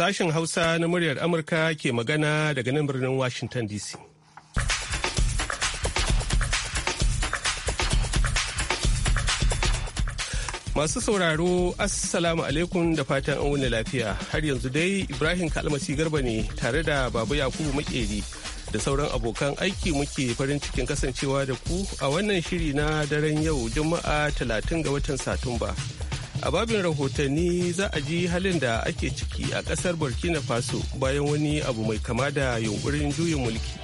Sashen Hausa na muryar Amurka ke magana daga nan birnin Washington DC. Masu sauraro, Assalamu alaikum da fatan an wuni lafiya. Har yanzu dai Ibrahim Kalmasi Garba ne tare da Babu Yakubu Makeri da sauran abokan aiki muke farin cikin kasancewa da ku a wannan shiri na daren yau Juma'a 30 ga watan Satumba. a babin rahotanni za a ji halin da ake ciki a kasar burkina faso bayan wani abu mai kama da yunkurin juyin mulki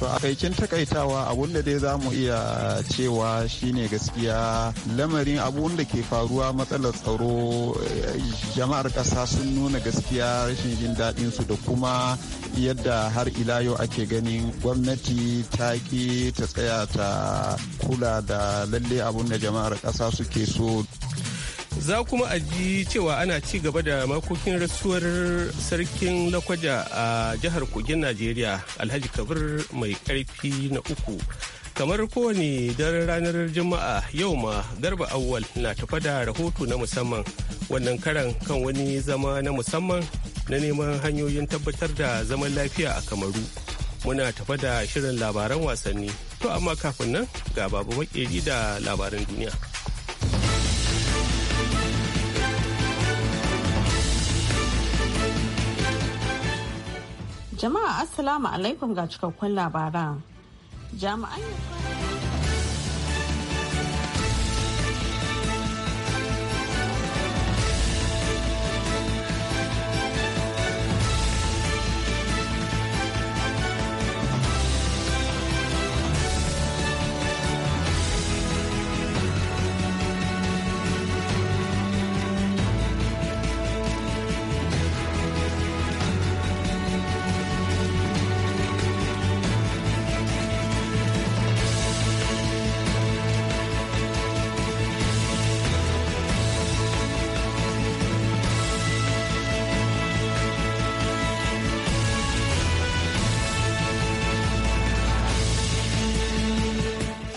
to a kaikin takaitawa abun da dai za mu iya cewa shine gaskiya lamarin abun da ke faruwa matsalar tsaro eh, jama'ar ƙasa sun nuna gaskiya rashin jin daɗin su da kuma yadda har ila yau ake ganin gwamnati ta ki ta tsaya ta kula da lalle abun da jama'ar ƙasa suke so za kuma a ji cewa ana ci gaba da makokin rasuwar sarkin lakwaja a jihar kogin najeriya alhaji kabir mai karfi na uku kamar kowane daren ranar juma'a yau ma garba awwal na tafa da rahoto na musamman wannan karan kan wani zama na musamman na neman hanyoyin tabbatar da zaman lafiya a kamaru muna tafa da shirin labaran wasanni to amma kafin nan ga babu makeri da labaran duniya Jama'a Assalamu alaikum ga cikakkun labaran. Jami'an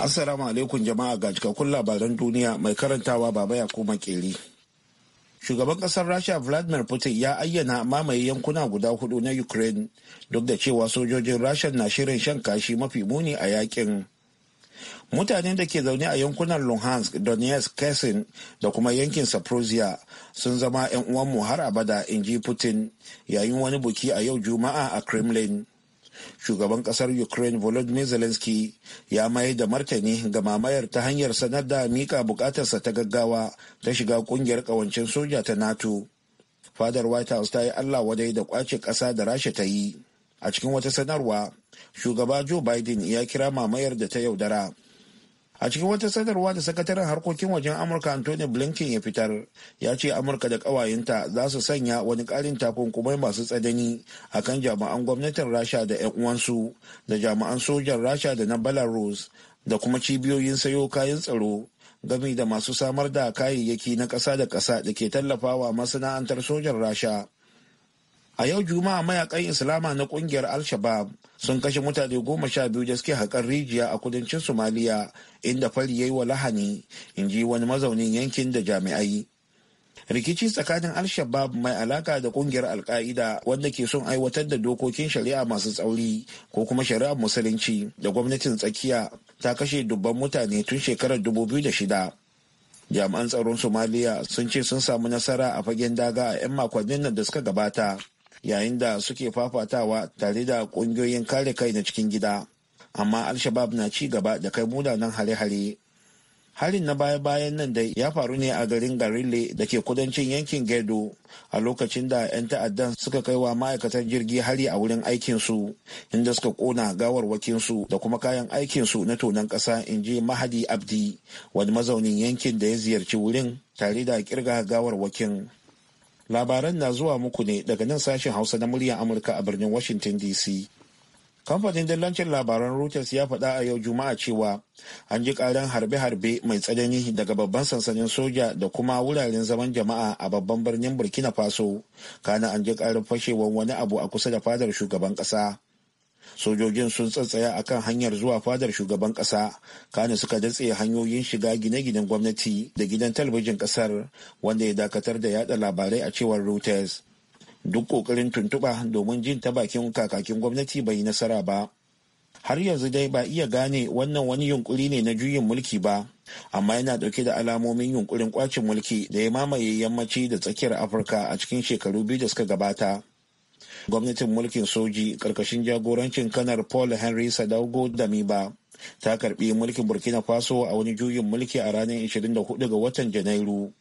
Assalamu alaikum jama'a ga cikakkun labaran duniya mai karantawa baba ya koma keri. Shugaban kasar Rasha Vladimir Putin ya ayyana mamaye yankuna guda hudu na Ukraine duk da cewa sojojin Rasha na shirin shan kashi mafi muni a yakin. Mutanen da ke zaune a yankunan Luhansk, Donetsk, Kherson da kuma yankin Saprosia sun zama 'yan uwanmu har abada, in ji Putin yayin wani buki a yau Juma'a a Kremlin. shugaban kasar ukraine volodymyr zelensky ya mayar da martani ga mamayar ta hanyar sanar da mika bukatarsa ta gaggawa ta shiga kungiyar kawancin soja ta nato fadar white house ta yi allah wadai da kwace kasa da rasha ta yi a cikin wata sanarwa shugaba joe biden ya kira mamayar da ta yaudara a cikin wata sadarwa da sakataren harkokin wajen amurka anthony blinken ya fitar ya ce amurka da ƙawayenta za su sanya wani ƙarin takunkumai masu tsadani a kan jami'an gwamnatin rasha da 'yan uwansu da jami'an sojan rasha da na belarus da kuma cibiyoyin sayo kayan tsaro gami da masu samar da kayayyaki na ƙasa da ƙasa da ke tallafawa masana'antar sojan rasha a yau juma'a mayakan islama na kungiyar al shabaab sun kashe mutane goma sha biyu da suke haƙar rijiya a kudancin somaliya inda fari ya yi wa lahani in ji wani mazaunin yankin da jami'ai rikici tsakanin al shabaab mai alaka da kungiyar al-qaida wanda ke son aiwatar da dokokin shari'a masu tsauri ko kuma shari'ar musulunci da gwamnatin tsakiya ta kashe dubban mutane tun shekarar dubu biyu da shida jami'an tsaron somaliya sun ce sun samu nasara a fagen daga a 'yan makonnin nan da suka gabata yayin da suke fafatawa tare da kungiyoyin kare kai na cikin gida amma alshabab na ci gaba da kai munanan hare-hare harin na baya-bayan nan da ya faru ne a garin garille da ke kudancin yankin gedo a lokacin da 'yan ta'addan suka kai wa ma'aikatan jirgi hari a wurin aikinsu inda suka kona gawarwakinsu da kuma kayan aikinsu na tonon ƙasa in ji mahadi abdi wani mazaunin yankin da ya ziyarci wurin tare da kirga gawarwakin labaran na zuwa muku ne daga nan sashen hausa na muryar amurka a birnin washington dc kamfanin dillancin labaran reuters ya faɗa a yau juma'a cewa an ji ƙarin harbe-harbe mai tsanani daga babban sansanin soja da kuma wuraren zaman jama'a a babban birnin burkina faso kana an ji ƙarin fashewar wani abu a kusa da fadar shugaban ƙasa sojojin sun tsatsaya a kan hanyar zuwa fadar shugaban ƙasa kane suka datse hanyoyin shiga gine-ginen gwamnati da gidan talabijin ƙasar wanda ya dakatar da yada labarai a cewar reuters duk ƙoƙarin tuntuɓa domin jin ta bakin kakakin gwamnati bai nasara ba har yanzu dai ba iya gane wannan wani yunkuri ne na juyin mulki ba amma yana dauke da alamomin yunkurin kwacin mulki da ya mamaye yammaci da tsakiyar afirka a cikin shekaru biyu da suka gabata gwamnatin mulkin soji karkashin jagorancin kanar paul henry sadaugo damiba ta karbi mulkin burkina faso a wani juyin mulki a ranar 24 ga watan janairu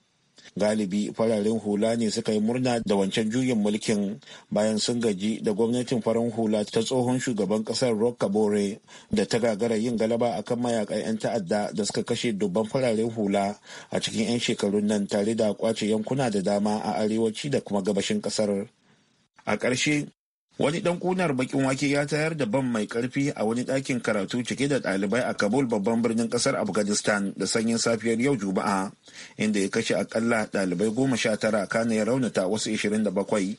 galibi fararen hula ne suka yi murna da wancan juyin mulkin bayan sun gaji da gwamnatin farin hula ta tsohon shugaban kasar rock kabore da ta gagara yin galaba akan mayakan 'yan ta'adda da suka kashe dubban fararen hula a cikin 'yan shekarun nan tare da kwace yankuna da dama a arewaci da kuma gabashin kasar a ƙarshe wani ɗan ƙunar bakin wake ya tayar da ban mai ƙarfi a wani ɗakin karatu cike da ɗalibai a kabul babban birnin ƙasar afghanistan da sanyin safiyar yau juma'a inda ya kashe akalla ɗalibai goma sha tara kana ya raunata wasu bakwai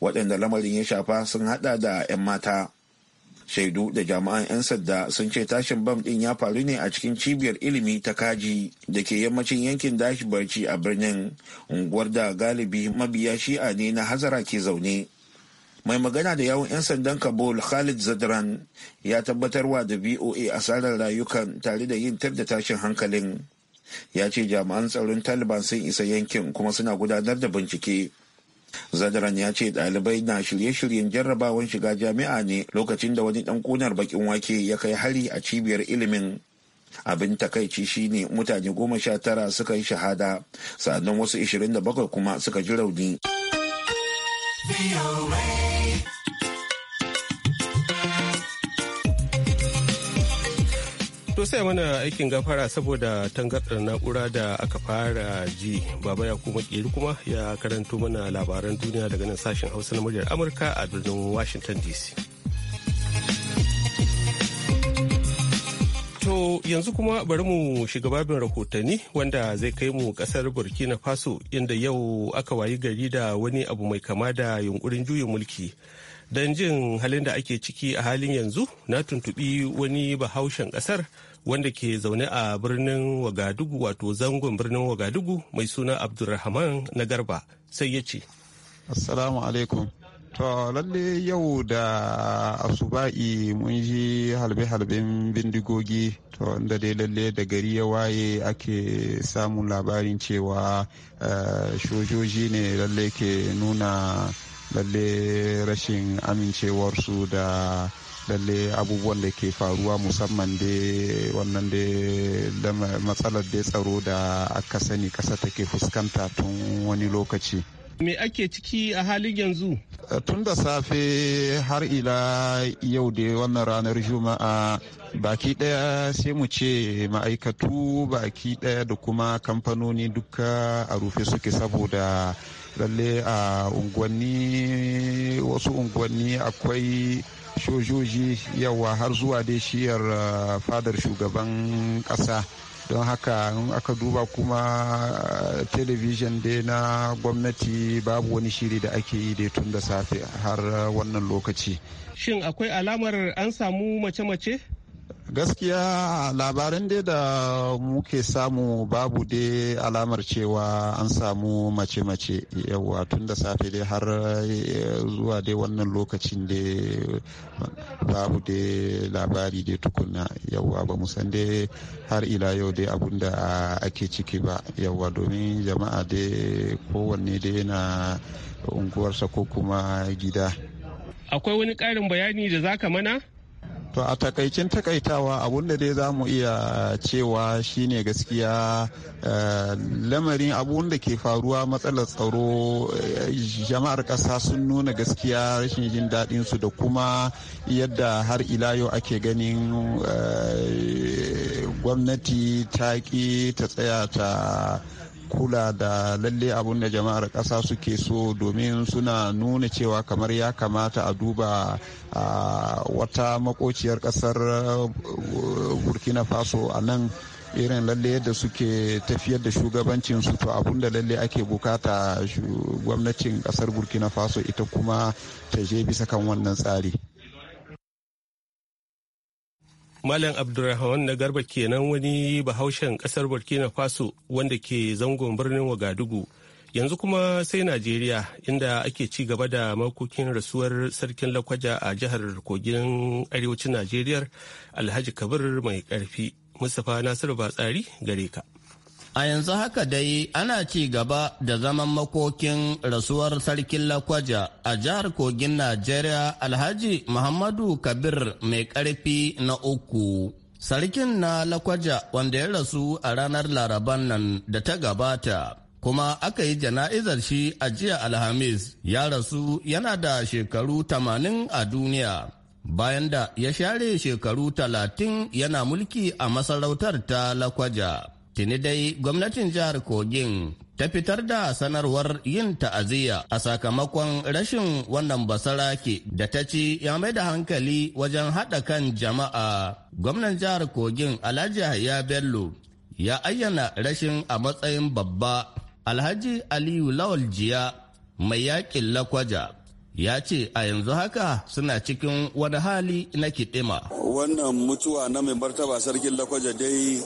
waɗanda lamarin ya shafa sun haɗa da 'yan mata shaidu da jami'an 'yan sanda sun ce tashin bam din ya faru ne a cikin cibiyar ilimi ta kaji da ke yammacin yankin dashi barci a birnin unguwar da galibi mabiya shi'a ne na hazara ke zaune mai magana da yawon 'yan sandan kabul khalid zadran ya tabbatar wa da voa asarar rayukan tare da yin tar da tashin hankalin ya ce jami'an tsaron taliban sun isa yankin kuma suna gudanar da bincike zadaran ya ce ɗalibai na shirye-shiryen jarrabawan shiga jami'a ne lokacin da wani ɗan ƙunar baƙin wake ya kai hari a cibiyar ilimin abin takaici shine mutane goma sha tara suka yi shahada sannan wasu 27 kuma suka ji rauni. To sai mana aikin gafara saboda tangarɗar na'ura da aka fara ji baba ya kuma kiri kuma ya karanto mana labaran duniya daga nan sashen hausa na muryar Amurka a birnin Washington DC. To yanzu kuma bari mu shiga babin rahotanni wanda zai kai mu kasar Burkina Faso inda yau aka wayi gari da wani abu mai kama da yunkurin juyin mulki. don jin halin da ake ciki a halin yanzu na tuntubi wani bahaushen kasar wanda ke zaune a birnin wagadugu wato zangon birnin wagadugu mai suna abdulrahman na garba sai ya ce assalamu alaikum to lalle yau da asuba'i mun ji halbe-halben bindigogi to wanda dai lalle da gari ya waye ake samun labarin cewa eh, shojoji ne lalle ke nuna lalle rashin amincewarsu da lalle abubuwan da ke faruwa musamman da wannan da matsalar da tsaro da aka sani kasa take fuskanta tun wani lokaci me ake ciki a halin yanzu eh, tun da safe har ila yau da wannan ranar juma'a baki daya sai mu ce ma'aikatu baki daya da kuma kamfanoni duka a rufe suke saboda lalle a unguwanni wasu unguwanni akwai shojoji yawa har zuwa dai shiyar uh, fadar shugaban ƙasa don haka in aka duba kuma uh, telebijin dai na gwamnati babu wani shiri da ake yi dai tun da safe har uh, wannan lokaci shin akwai alamar an samu mace-mace gaskiya labaran dai da muke samu babu dai alamar cewa an samu mace-mace yawa tun da safe dai har eh, zuwa dai wannan lokacin dai babu dai labari dai tukuna yawa ba san dai har ila yau dai abinda ake ciki ba yawa domin jama'a dai kowanne dai na unguwarsa ko kuma gida akwai wani ƙarin bayani da za ka mana To a takaicin takaitawa abun da dai za mu iya cewa shine gaskiya eh, lamarin abun da ke faruwa matsalar tsaro eh, jama'ar ƙasa sun nuna gaskiya rashin jin daɗin su da kuma yadda har ila yau ake ganin eh, gwamnati ta ƙi ta tsaya ta kula da lalle abun da jama'ar ƙasa suke so domin suna nuna cewa kamar ya kamata a duba wata makociyar kasar uh, burkina faso a nan irin lalle yadda suke tafiyar da shugabancin su to abun da lalle ake bukata gwamnatin kasar burkina faso ita kuma ta je bisa kan wannan tsari Malam Abdulrahman na Garba kenan wani bahaushen kasar Burkina Faso wanda ke zangon birnin Wagadugu. Yanzu kuma sai Najeriya inda ake ci gaba da makokin rasuwar sarkin lakwaja a jihar kogin arewacin najeriyar Alhaji Kabir mai ƙarfi Mustapha Nasiru Batsari gare ka. A yanzu haka dai ana ci gaba da zaman makokin rasuwar sarkin Lakwaja a jihar Kogin Najeriya Alhaji Muhammadu Kabir mai ƙarfi na uku. Sarkin na Lakwaja wanda ya rasu a ranar Laraban nan da ta gabata. Kuma aka yi jana'izar shi a jiya Alhamis ya rasu yana da shekaru tamanin a duniya. bayan da ya share shekaru talatin yana mulki a masarautar ta Lakwaja. Tuni dai gwamnatin jihar Kogin ta fitar da sanarwar yin ta'aziyya a sakamakon rashin wannan basara ke da ta ci ya mai da hankali wajen haɗa kan jama'a. Gwamnan jihar Kogin Alhaji Yahya Bello ya ayyana rashin a matsayin babba. Alhaji Aliyu Lawal Jiya mai yaƙin lakwaja ya ce a yanzu haka suna cikin wani hali na kiɗima. Wannan mutuwa na mai martaba sarkin lakwaja dai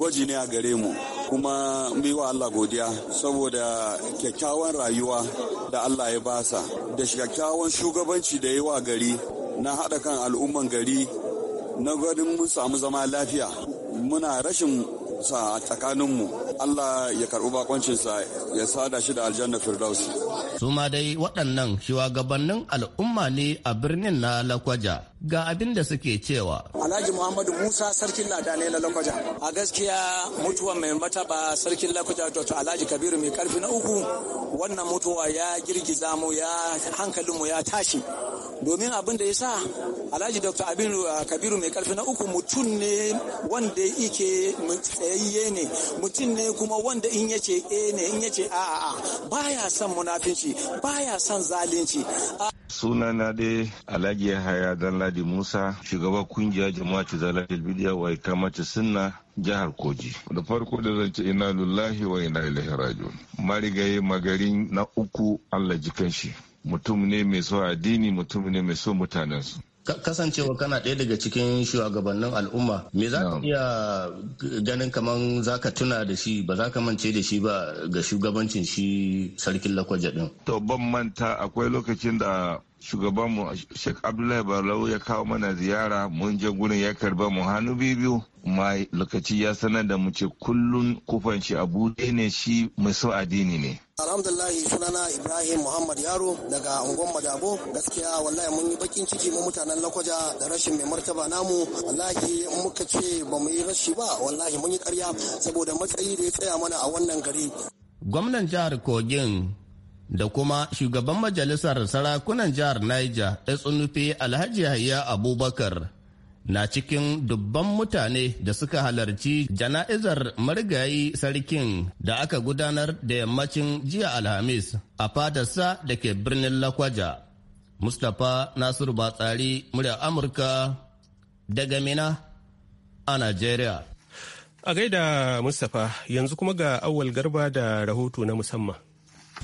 gwaji ne a gare mu kuma mu wa Allah godiya saboda kyakkyawan rayuwa da Allah ya basa da kyakkyawan shugabanci da yi wa gari na haɗa kan al'umman gari na gwanin mun samu zama lafiya muna rashin sa a tsakaninmu Allah ya karɓi bakoncinsa ya sada shi da aljanna firdausi su ma dai waɗannan shugabannin al'umma ne a birnin na lakwaja ga abin da suke cewa. Alhaji Muhammadu Musa sarkin ne na Lakwaja. A gaskiya mutuwa mai mataba sarkin Lakwaja Dr. Alhaji Kabiru mai karfi na uku wannan mutuwa ya girgiza mu ya hankalinmu ya tashi. Domin abin da ya sa alhaji dr abinu uh, kabiru mai karfi na uku mutum ne wanda yake tsayayye ne mutum ne kuma wanda in yace e eh ne in yace a a a baya son munafinci baya son zalunci uh, sunana dai alhaji yahaya danladi musa shugaban kungiyar Jama'a, zalatul bidiya wa ikamatu sunna jihar Koji. Da farko da zan ce ina lullahi wa ina ilaihi rajiun. Marigayi magarin na uku Allah jikan shi. Mutum ne mai so addini mutum ne mai so mutanensu. kasancewa kana ɗaya daga cikin shugabannin al'umma me za ka iya ganin kamar za ka tuna da shi ba za ka mance da shi ba ga shugabancin shi sarkin lakwaje ɗin? to ban manta akwai lokacin da shugabanmu Sheikh Abdullahi Barlau ya kawo mana ziyara mun je gurin ya karba mu hannu biyu ma lokaci ya sanar da mu ce kullun kufan shi bude ne shi mai so addini ne. alhamdulillahi sunana ibrahim muhammad yaro daga unguwar madabo gaskiya wallahi mun yi bakin ciki mu mutanen lakwaja da rashin mai martaba namu wallahi muka ce ba mu yi rashi ba wallahi mun yi karya saboda matsayi da ya tsaya mana a wannan gari gwamnan jihar kogin da kuma shugaban majalisar sarakunan jihar Niger Esunufe Alhaji Yahya Abubakar na cikin dubban mutane da suka halarci jana'izar marigayi sarkin da aka gudanar da yammacin jiya Alhamis a fadarsa da ke birnin Lakwaja. Mustapha Nasiru Batsari murya Amurka daga Mina a Najeriya. A gaida Mustapha yanzu kuma ga awal garba da rahoto na musamman.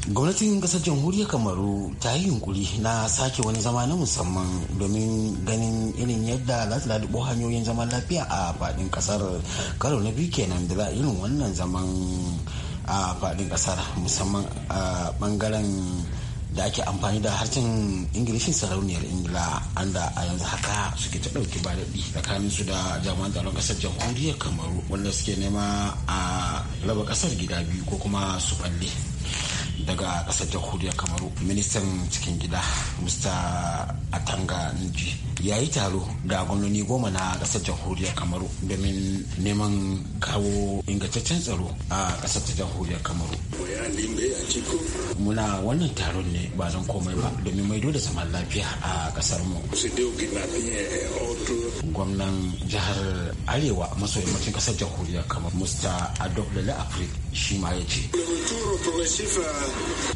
gwamnatin kasar jamhuriyar kamaru ta yi yunkuri na sake wani zama na musamman domin ganin irin yadda za ta ladubo hanyoyin zaman lafiya a fadin kasar karo na biyu kenan da za irin wannan zaman a fadin kasar musamman a bangaren da ake amfani da harshen ingilishin sarauniyar ingila anda a yanzu haka suke ta ɗauki ba daɗi tsakanin su da jami'an tsaron kasar jamhuriyar kamaru wanda suke nema a raba ƙasar gida biyu ko kuma su balle daga kasar jamhuriyar kamaru ministan cikin gida mr atanga nji ya yi taro da gwamnoni goma na kasar jamhuriyar kamaru domin neman kawo ingantaccen tsaro a kasar ta jamhuriyar kamaru muna wannan taron ne ba zan komai ba domin maido da zaman lafiya a kasar mu gwamnan jihar arewa maso yammacin kasar jamhuriyar kamar musta adoblele afrik shi ma ya ce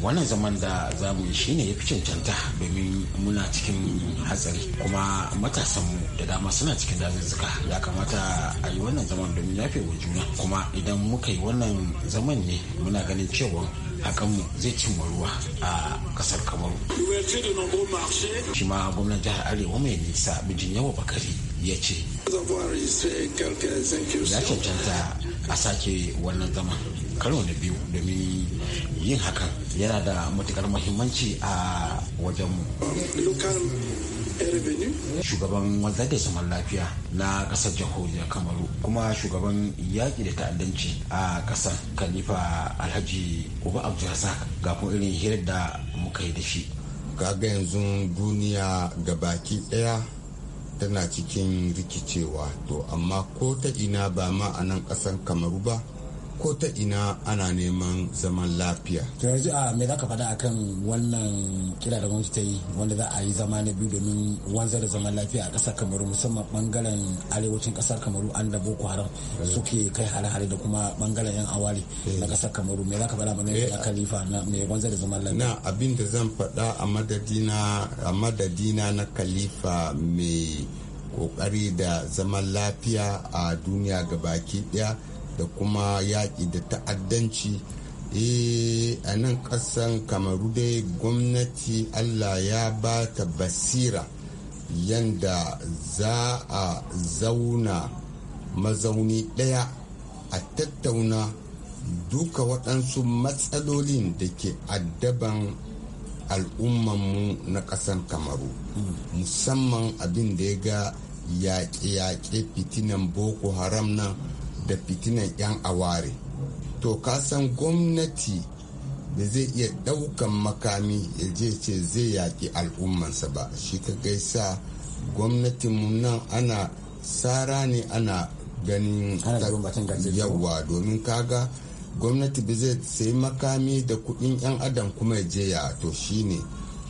wannan zaman da za mu yi shine ya fi cancanta domin muna cikin hatsari kuma kuma matasanmu da dama suna cikin dazuzzuka ya kamata a yi wannan zaman domin yafewa wa juna kuma idan muka yi wannan zaman ne muna ganin cewa hakanmu zai cimma ruwa a kasar kamaru shi ma gwamnan jihar arewa mai nisa bijin yawa bakari ya ce ya cancanta a sake wannan zaman karo na biyu domin yin hakan yana da matukar muhimmanci a wajenmu shugaban wanzar da zaman lafiya na kasar jamhuriyar kamaru kuma shugaban yaƙi da ta'addanci a kasar khalifa alhaji uba abdulrazak ga kuma irin hirar da muka yi da shi kaga yanzu duniya ga baki ɗaya tana cikin rikicewa to amma ko ta ina ba ma a nan ƙasar kamaru ba ko ta ina ana neman zaman lafiya. To yanzu a ah, me za ka faɗa kan wannan kira da gwamnati ta yi wanda za a yi zama na biyu domin wanzar da zaman lafiya a ƙasar Kamaru musamman bangaren arewacin ƙasar Kamaru an da Boko Haram suke kai hare-hare da kuma bangaren 'yan awali eh. na ƙasar Kamaru me za ka faɗa mana eh, ya kalifa na me wanzar da zaman lafiya. Na abin da zan faɗa a madadina a madadina na kalifa mai kokari da zaman lafiya a duniya ga baki daya da kuma yaƙi da ta'addanci eh, a nan ƙasan kamaru dai gwamnati allah ya ba ta basira yanda za a zauna mazauni ɗaya a tattauna duka waɗansu matsalolin da ke addaban al'ummanmu na ƙasan kamaru musamman abin da ya ga yaƙe-yaƙe fitinan boko haram nan da fitinan 'yan aware to kasan gwamnati da zai iya ɗaukan makami ya je ce zai yaki al'ummansa ba shi ka gaisa gwamnatin nan ana tsara ne ana ganin yawa domin kaga gwamnati ba zai sai makami da kuɗin 'yan adam kuma ya je ya to ne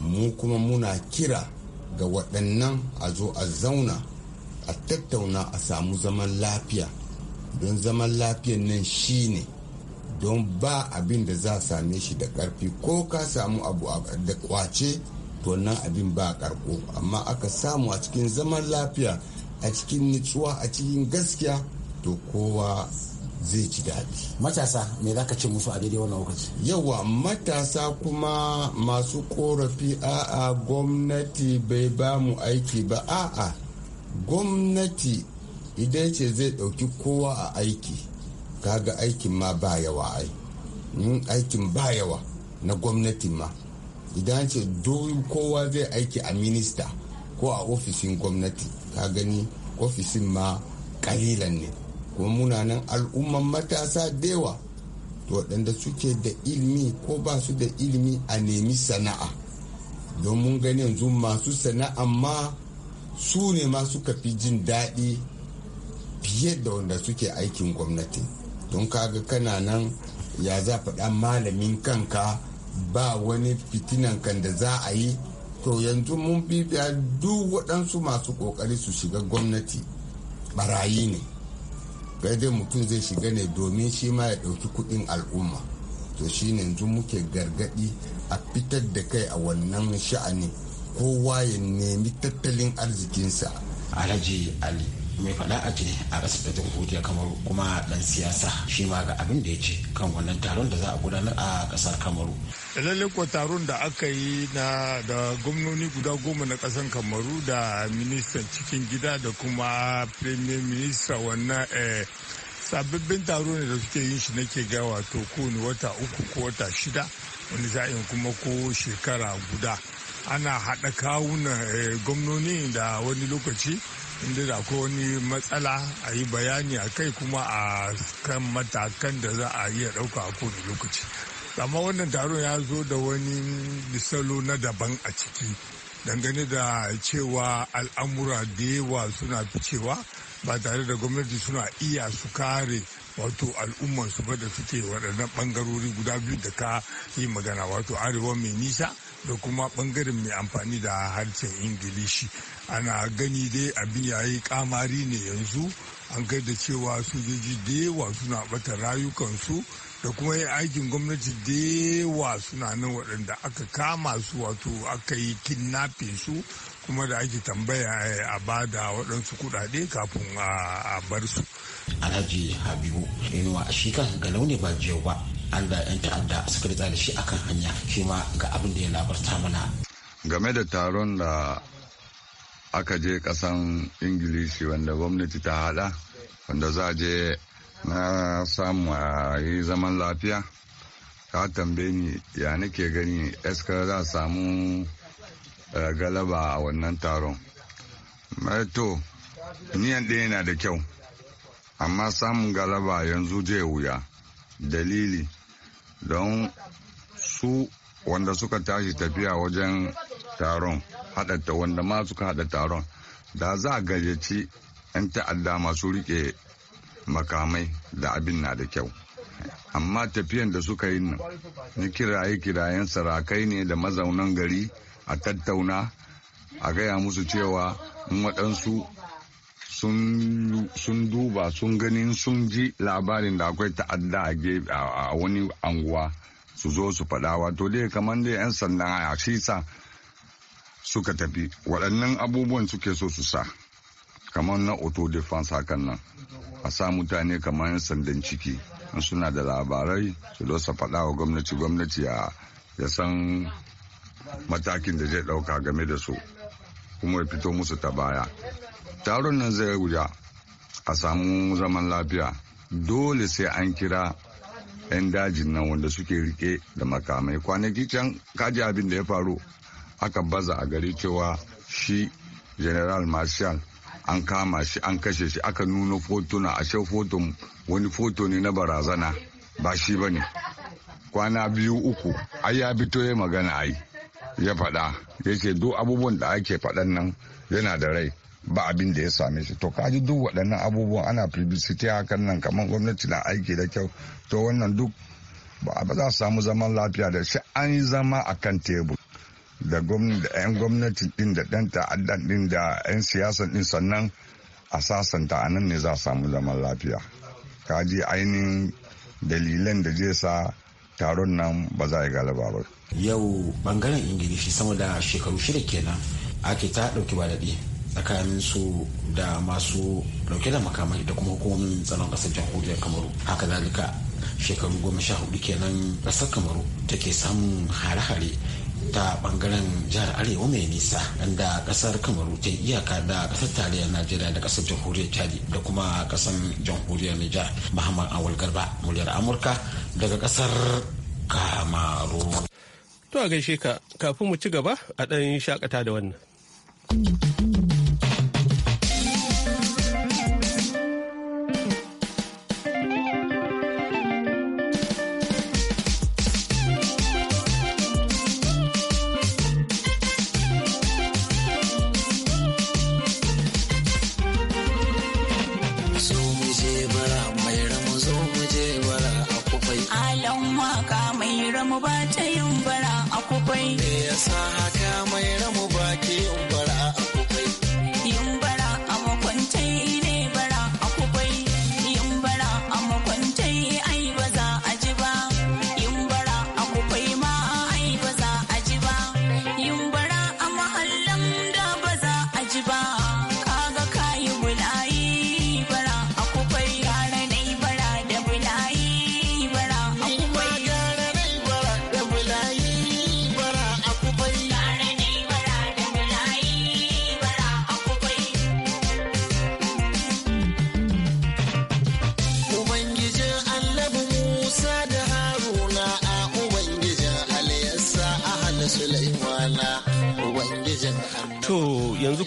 mu kuma muna kira ga waɗannan a zo a zauna a tattauna a samu zaman lafiya don zaman lafiyan nan shi ne don ba abin da za same shi da karfi ko ka samu abu da kwace to nan abin ba karko amma aka samu a cikin zaman lafiya a cikin nutsuwa a cikin gaskiya to kowa zai ci daɗi. Matasa me za ka ce musu a daidai wannan lokaci? Yawa matasa kuma masu korafi a'a gwamnati bai ba mu aiki ba a'a gwamnati idan ce zai ɗauki kowa a aiki kaga aikin ma ba yawa ai yin hmm, aikin ba yawa na gwamnati ma idan ce kowa zai aiki a minista ko a ofishin gwamnati ka gani ofishin ma kalilan ne kuma muna nan al'umman matasa dewa waɗanda suke da ilimi ko ba su da ilimi a nemi sana'a don mun gani yanzu masu sana'a ma su ne ma suka fi jin daɗi fiye da wanda suke aikin gwamnati don kaga kana nan ya za faɗa malamin kanka ba wani fitinan kan da za a yi to yanzu mun bibiya duk waɗansu masu ƙoƙari su shiga gwamnati barayi ne dai mutum zai shiga ne domin shi ma ya ɗauki kuɗin al'umma to shi ne yanzu muke gargaɗi a fitar da kai a wannan sha'ani kowa ya nemi tattalin arzikinsa alhaji ali mai faɗa a ce a rasa da jamhuriyar kamaru kuma dan siyasa shi ma ga abin da ya ce kan wannan taron da za a gudanar a kasar kamaru. lallai ko taron da aka yi na da gwamnoni guda goma na ƙasar kamaru da ministan cikin gida da kuma premier minister wannan eh, sababbin taro ne da suke yin shi nake ga wato kowane wata uku ko wata shida wani sa'in kuma ko shekara guda ana haɗa kawunan eh, gwamnoni da wani lokaci inda da ko wani matsala a yi bayani a kai kuma a kan matakan da za a iya ɗauka a kowane lokaci amma wannan taron ya zo da wani misalo na daban a ciki dangane da cewa al'amura da yawa suna ficewa ba tare da gwamnati suna iya su kare wato al'ummarsu ba da suke waɗannan ɓangarori guda biyu da ka yi magana wato arewa mai nisa da kuma bangaren mai amfani da harshen ingilishi ana gani dai abin yayi kamari ne yanzu an kai da cewa sojoji da yawa suna bata rayukansu da kuma yin aikin gwamnati da yawa suna nan waɗanda aka kama su wato aka yi kidnappe su kuma da ake tambaya eh, a bada waɗansu kuɗaɗe kafin a bar su. Alhaji Habibu, shi kansa ga launi ba jiyau ba, an da 'yan ta'adda suka da shi akan hanya shi ma ga abin da ya labarta mana game da taron da aka je kasan ingilishi wanda gwamnati ta hada wanda za je na samu a yi zaman lafiya ka tambaye ni ya nake gani eskar za samu eh, galaba a wannan taron eh, to niyan ɗaya yana da kyau amma samun galaba yanzu zai wuya dalili don su wanda suka tashi tafiya wajen taron haɗata wanda ma suka haɗa taron da za a gayyaci 'yan ta'adda masu rike makamai da abin na da kyau amma tafiyan da suka yi nan na kiraye kirayen sarakai ne da mazaunan gari a tattauna a gaya musu cewa in waɗansu sun duba sun ganin sun ji labarin da akwai ta'adda a wani anguwa su zo su faɗa wato dai kamar dai 'yan sannan a sa suka tafi waɗannan abubuwan suke so su sa kamar na auto defense hakan nan a sa mutane kamar 'yan sandan ciki in suna da labarai su zo su faɗa wa gwamnati gwamnati ya san matakin da zai ɗauka game da su kuma ya fito musu ta baya taron nan zai guda a samu zaman lafiya dole sai an kira 'yan dajin nan wanda suke rike da makamai kwanaki can kaji abin da ya faru aka baza a gari cewa shi general marshal an kama shi an kashe shi aka nuna fotuna a shan foton wani foto ne na barazana ba shi ba ne kwana biyu uku ai ya fito ya magana ai ya faɗa ya ce duk abubuwan da ake faɗan nan yana da rai ba abin da ya same shi to kaji duk waɗannan abubuwan ana publicity hakan nan kamar gwamnati na aiki da kyau to wannan duk ba za samu zaman lafiya da shi an yi zama a kan tebur da 'yan gwamnati din da ɗan ta'addan din da 'yan siyasa din sannan a sasanta a nan ne za samu zaman lafiya kaji ainihin dalilan da zai sa taron nan ba za a yi galaba ba yau bangaren ingilishi sama da shekaru shida kenan ake ta ɗauki ba daɗi tsakanin su da masu dauke da makamai da kuma hukumomin tsaron kasar jamhuriyar kamaru haka zalika shekaru goma sha hudu kenan kasar kamaru take samun hare-hare ta bangaren jihar arewa mai nisa inda kasar kamaru ta iyaka da kasar tarayyar najeriya da kasar jamhuriyar chadi da kuma kasar jamhuriyar nija muhammad awal garba muryar amurka daga kasar kamaru to a gaishe ka kafin mu ci gaba a ɗan shakata da wannan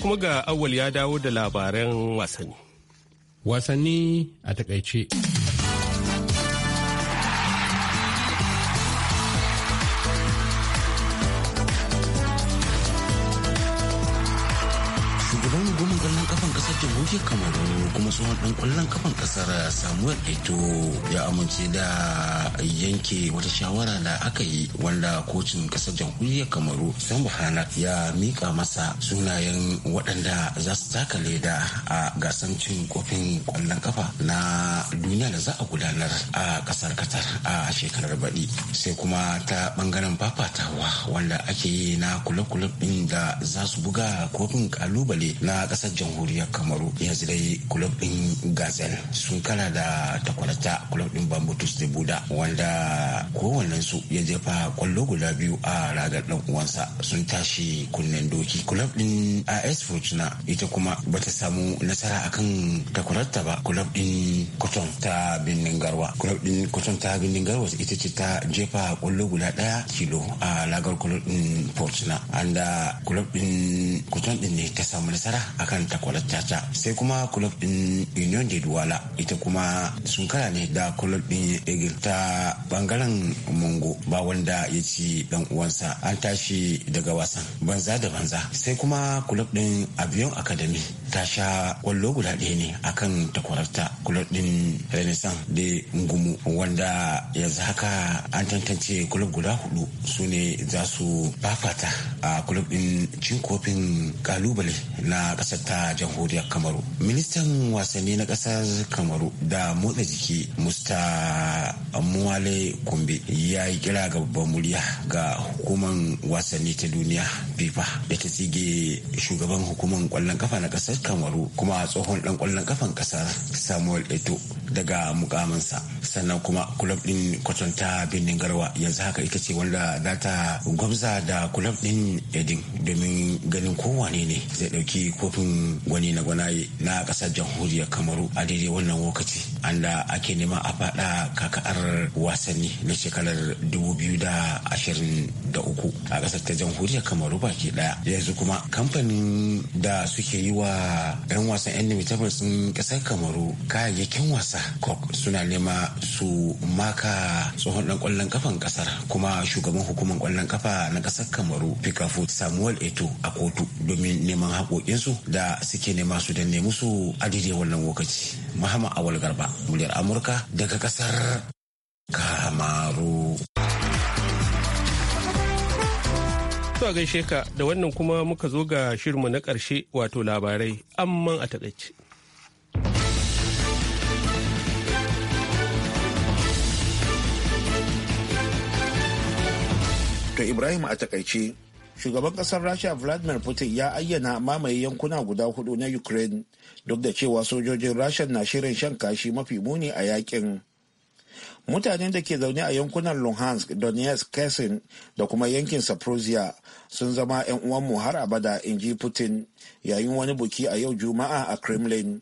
kuma ga awwal ya dawo da labaran wasanni. Wasanni a takaice. Samuel Eto ya amince da yanke wata shawara da aka yi wanda kocin kasar jamhuriyar Kamaru Sam buhana ya mika masa sunayen waɗanda za su taka leda a gasan cin kofin ƙwallon kafa na duniya da za a gudanar a ƙasar Qatar a shekarar baɗi. Sai kuma ta ɓangaren fafatawa wanda ake yi na kula-kula ɗin da za su buga kofin ƙalubale na ƙasar jamhuriyar Kamaru yanzu dai kulob ɗin Gazel sun kana da takwarata club din bambutus da buda wanda kowannen su ya jefa kwallo guda biyu a ragar ɗan uwansa sun tashi kunnen doki club din as fortuna ita kuma bata samu nasara akan takwarata ba club din cotton ta birnin garwa club din cotton ta birnin garwa ita ce ta jefa kwallo guda daya kilo a ragar club din fortuna anda club din cotton din ne ta samu nasara akan takwarata ta sai kuma club din union de douala ita ita kuma sun kara ne da kulub din egil ta bangaren mungo ba wanda ya ci dan uwansa an tashi daga wasan banza da banza sai kuma kulub din avion academy ta sha kwallo guda ɗaya ne akan takwararta kulub din renaissance da ngumu wanda yanzu haka an tantance kulub guda hudu su ne za su fafata a kulub din cin kofin kalubale na ƙasar ta jamhuriyar kamaru ministan wasanni na ƙasar kamaru da motsa jiki musta muale kumbi ya yi kira ga babban murya ga hukumar wasanni ta duniya fifa da ta tsige shugaban hukumar kwallon kafa na kasar kamaru kuma tsohon dan kwallon kafan kasar samuel eto daga mukamansa. sannan kuma kulab din kwatanta birnin garwa yanzu haka ita ce wanda za ta gwamza da kulab din edin domin ganin kowane ne zai dauki kofin gwani na gwanaye na kasar jamhuriyar kamaru a daidai wannan lokaci an da ake nema a faɗa kaka'ar wasanni na shekarar 2023 a ƙasar ta jamhuriyar kamaru baki ɗaya yanzu kuma kamfanin da suke yi wa 'yan wasan 'yan limitabar sun ƙasar kamaru kayayyakin wasa kok suna nema su maka tsohon dan kwallon kafan ƙasar kuma shugaban hukumar kwallon kafa na ƙasar kamaru pikafu samuel eto a kotu domin neman haƙoƙinsu da suke nema su danne musu a daidai wannan lokaci muhammad Awal Garba, muryar Amurka daga kasar Kamaru. To gaishe ka da wannan kuma muka zo ga shirinmu na ƙarshe wato labarai amma a taƙaice. To Ibrahim a takaice shugaban kasar rasha vladimir putin ya ayyana mamaye yankuna guda hudu na ukraine duk da cewa sojojin rasha na shirin shan kashi mafi muni a yakin mutanen da ke zaune a yankunan luhansk donetsk kessin da kuma yankin saprosia sun zama 'yan uwanmu har abada in ji putin yayin wani buki a yau juma'a a kremlin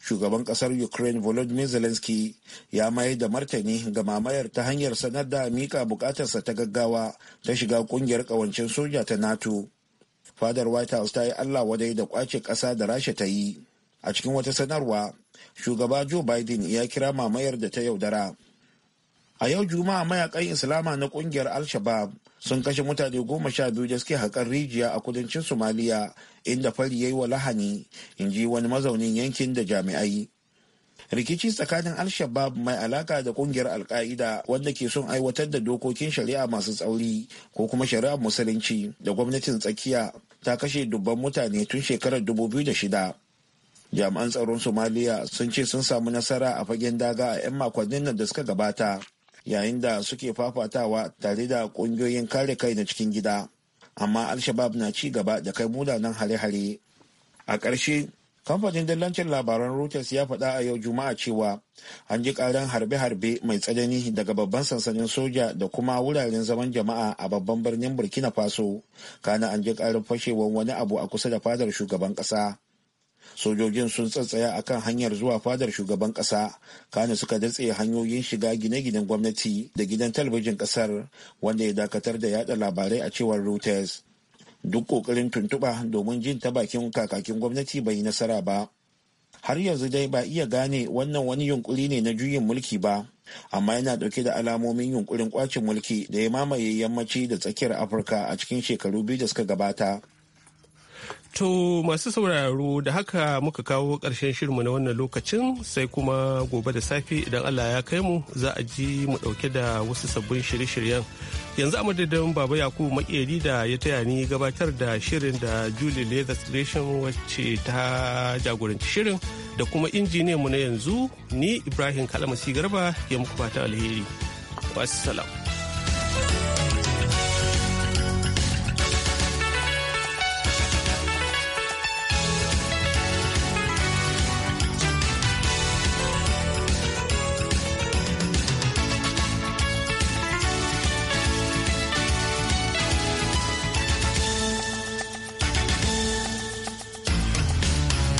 shugaban kasar ukraine volodymyr zelensky ya mayar da martani ga mamayar ta hanyar sanar da mika bukatarsa ta gaggawa ta shiga kungiyar kawancin soja ta nato fadar white house ta yi allah wadai da kwace kasa da rasha ta yi a cikin wata sanarwa shugaba joe biden ya kira mamayar da ta yaudara a yau juma'a mayakan islama na kungiyar al-shabab sun kashe mutane goma sha biyu da suke haƙar rijiya a kudancin somaliya inda fari ya yi wa lahani in ji wani mazaunin yankin da jami'ai rikici tsakanin al-shabab mai alaka da kungiyar al-qaida wanda ke son aiwatar da dokokin shari'a masu tsauri ko kuma shari'ar musulunci da gwamnatin tsakiya ta kashe dubban mutane tun shekarar 2006 jami'an tsaron somaliya sun ce sun samu nasara a fagen daga a 'yan makonnin nan da suka gabata yayin da suke fafatawa tare da ƙungiyoyin kare kai na cikin gida amma al-shabab na ci gaba da kai munanan hare-hare a ƙarshe kamfanin dillancin labaran reuters ya faɗa a yau juma'a cewa an ji ƙarin harbe-harbe mai tsanani daga babban sansanin soja da kuma wuraren zaman jama'a a babban birnin burkina faso kana an ji ƙarin fashewar wani abu a kusa da fadar shugaban ƙasa sojojin sun tsatsaya a kan hanyar zuwa fadar shugaban ƙasa kano suka datse hanyoyin shiga gine-ginen gwamnati da gidan talabijin ƙasar wanda ya dakatar da yada labarai a cewar reuters duk ƙoƙarin tuntuɓa domin jin ta bakin kakakin gwamnati bai yi nasara ba har yanzu dai ba iya gane wannan wani yunkuri ne na juyin mulki ba amma yana dauke da alamomin yunkurin kwacin mulki da ya mamaye yammaci da tsakiyar afirka a cikin shekaru biyu da suka gabata To masu sauraro da haka muka kawo ƙarshen shirinmu na wannan lokacin sai kuma gobe da safe idan Allah ya kai mu za a ji mu ɗauke da wasu sabbin shirye-shiryen. Yanzu a madadin Baba Yakubu Makeri da ya taya ni gabatar da shirin da Julie Leather Gresham wacce ta jagoranci shirin da kuma mu na yanzu ni Ibrahim Kalamasi Garba ya muku fata alheri. Wassalam.